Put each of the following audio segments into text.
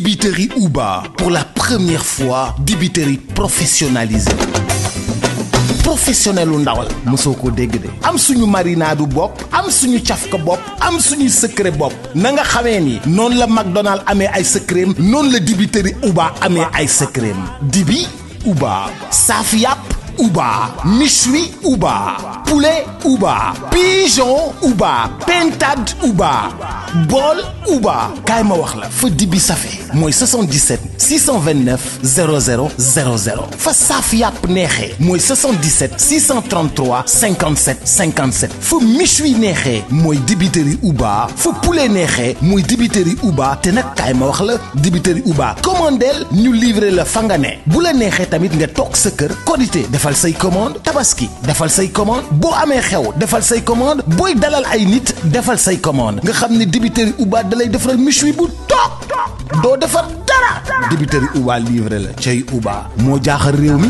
débiterie Uba pour la première fois débiterie professionnalisée professionnel lu ndaw la mosoo ko dégg de am suñu marinaadu bopp am suñu cafka bopp am suñuy secret bopp na nga xamee nii noonu la McDonald amee ay secret noonu la dibiteri Uba amee ay secret dibi Uba saaf yàpp Uba méchoui Uba poulet Uba pigeon Uba pintade Uba bool Uba kaay ma wax la fa dibi safe mooy 77 629 00 00 fa saaf yàpp neexee mooy 77 633 57 57 fa méchoui neexee mooy dibiteri Uba fa poulet neexee mooy dibiteri Uba te nag kaay ma wax la dibiteri Uba commandeel ñu livrer la fa nga ne bu la neexee tamit nga toog sa kër Korité defal say commande Tabaski defal say commande boo amee xew defal say commande booy dalal ay nit defal say commande nga xam ne débiteri Uba dalay defaral méchoui bu toog doo defar dara débiteri Uba livré la cay Uba moo jaaxal réew mi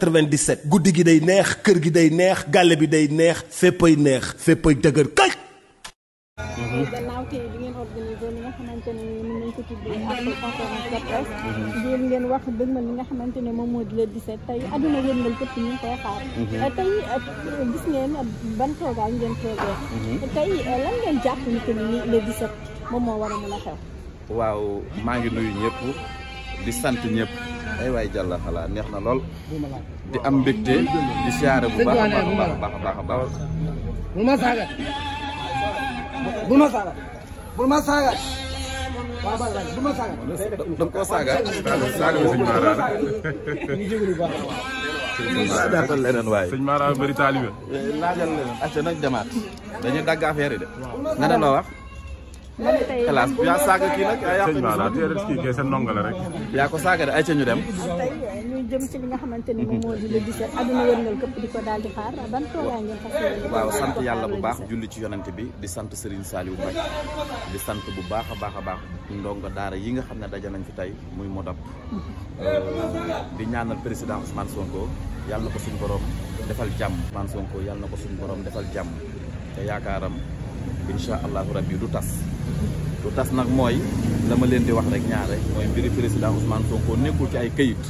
97 guddi gi day neex kër gi day neex gàlle bi day neex féppay neex féppay dëgër kay. gannaaw tey bi ngeen organisé li nga xamante ngeen wax dëgg ma li nga xamante moom moo di le 17 tey adduna wërngal këpp ñu ngi koy xaar mhm. euh, gis ngeen ban toogaay ngeen toogee mhm. tey euh, lan ngeen jàpp ni que ni moo war a mën a xew waaw maa ngi nuyu ñëpp di sant ñépp ay waay jàlla xalaa neex na lool di am mbégte di siyaare bu baax a baax a baax a a baax bul ma saaga bul ma saaga bul ma saaga bul ma saaga da koo saaga saaga sëñ Mara eh, laajal leneen waaye demaat dañuy dagg affaire de nga ne xalaas yaa saaga kii nag. yaa rek. yaa ko saaga de ay ca ñu dem. Eh, waaw sant yàlla bu baax julli ci yonante bi di sant Serigne Saliou Mbacké di sant bu baax a baax a baax ndongo daara yi nga xam ne daje nañ fi tey muy Modap. Euh, di ñaanal président Ousmane Sonko yàlla na ko suñu borom defal jàmm. Ousmane Sonko yàlla na ko suñu borom defal jàmm te yaakaaram incha allahu rabbi du tas. lu tas nag mooy dama leen di wax rek ñaar rek mooy mbiri président Ousmane Sonko nekkul ci ay këyit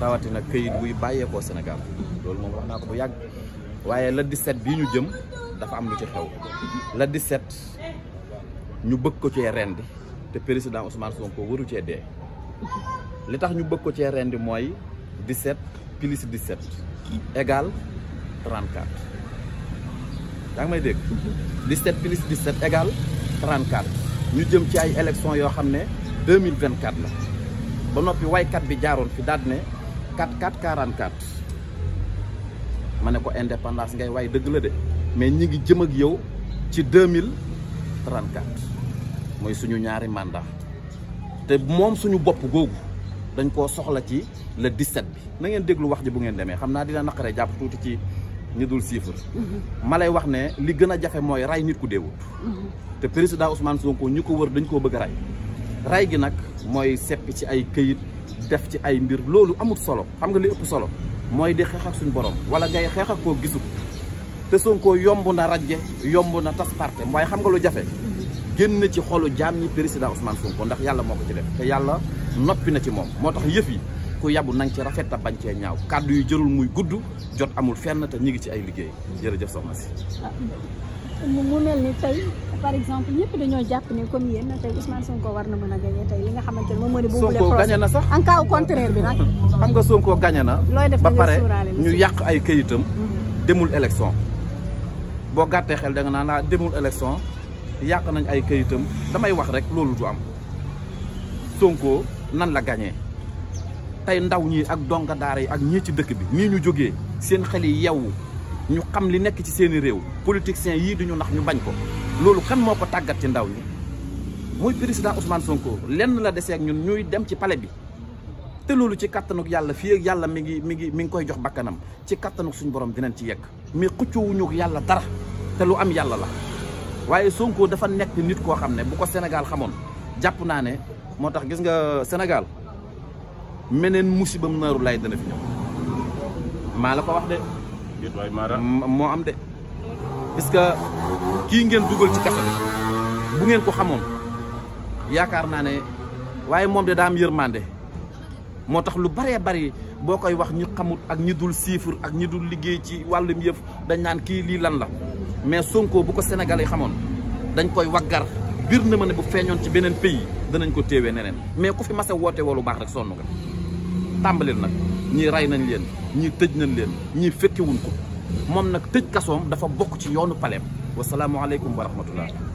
rawatina këyit buy bàyyeekoo senegal loolu moom wax naa ko bu yàgg waaye la 17 bii ñu jëm dafa am lu ci xew la 17 ñu bëgg ko cee rendi te président Ousmane Sonko waru cee dee li tax ñu bëgg ko cee rendi mooy 17 plus 17 égale 34 yaa ngi may dégg 17 plus 17 égale. 34 ñu jëm ci ay élections yoo xam ne 2024 la ba noppi kat bi jaaroon fi daal ne 44 44 ma ne ko indépendance ngay way dëgg la de mais ñi ngi jëm ak yow ci 2034 mooy suñu ñaari mandat te moom suñu bopp googu dañ koo soxla ci le 17 bi na ngeen déglu wax ji bu ngeen demee xam naa dina naqaree jàpp tuuti ci ñu dul siifar ma lay wax ne li gën a jafe mooy rey nit ku deewut te président Ousmane Sonko ñu ko wër dañ koo bëgg a rey rey gi nag mooy seppi ci ay këyit def ci ay mbir loolu amut solo xam nga li ëpp solo mooy di xeex suñu borom wala ngay xeex ak koo gisul te Sonko yomb na rajje yomb na tas parte waaye xam nga lu jafe génn ci xolu jaam ñi président Ousmane Sonko ndax yàlla moo ko ci def te yàlla noppi na ci moom moo tax yëf yi ku yabu nañ ci rafet a bañ cee ñaaw kàddu yi jërul muy gudd jot amul fenn te ñu ngi ci ay liggéey jërëjëf soxna si. mu mel ni tey par exemple ñëpp dañoo jàpp ne comme yéen tey Ousmane Sonko war na mën na sax en cas au contraire bi nag. xam nga Sonko gagné na. looy def ba pare ñu yàq ay këyitam. Mm-hmm. demul élection boo gàttee xel da naa naan laa ah, demul élection yàq nañ ay këyitam damay wax rek loolu du am Sonko nan la gañee tey ndaw ñi ak donga daara yi ak ñii ci dëkk bi nii ñu jógee seen xel yi yewwu ñu xam li nekk ci seeni réew politiciens yii duñu ndax ñu bañ ko loolu kan moo ko tàggat ci ndaw ñi muy prisident Ousmane Sonko lenn la desee ak ñun ñuy dem ci pale bi te loolu ci kattanuk yàlla fii ak yàlla mi ngi mi ngi mi ngi koy jox bakkanam ci kattanuk suñu borom dinañ ci yegg mi xuccoowuñu yàlla dara te lu am yàlla la waaye Sonko dafa nekk nit koo xam ne bu ko Sénégal xamoon jàpp naa ne moo tax gis nga Sénégal meneen musibam naaru laay dana fi ñëw maa la ko wax de moo am de parce que kii ngeen dugal ci kaso bu ngeen ko xamoon yaakaar naa ne waaye moom de daa am yërmande moo tax lu baree bari boo koy wax ñu xamut ak ñi dul siifur ak ñi dul liggéey ci wàllum yëf dañ naan kii lii lan la mais Sonko bu ko senegal yi xamoon dañ koy waggar biir na ma ne bu feeñoon ci beneen pays danañ ko téewee neneen mais ku fi mas a woote woo lu baax rek sonn nga tàmbalil nag ñii rey nañ leen ñii tëj nañ leen ñii fekkewuñ ko moom nag tëj kasoom dafa bokk ci yoonu paleem wasalaamualeykum wa rahmatullah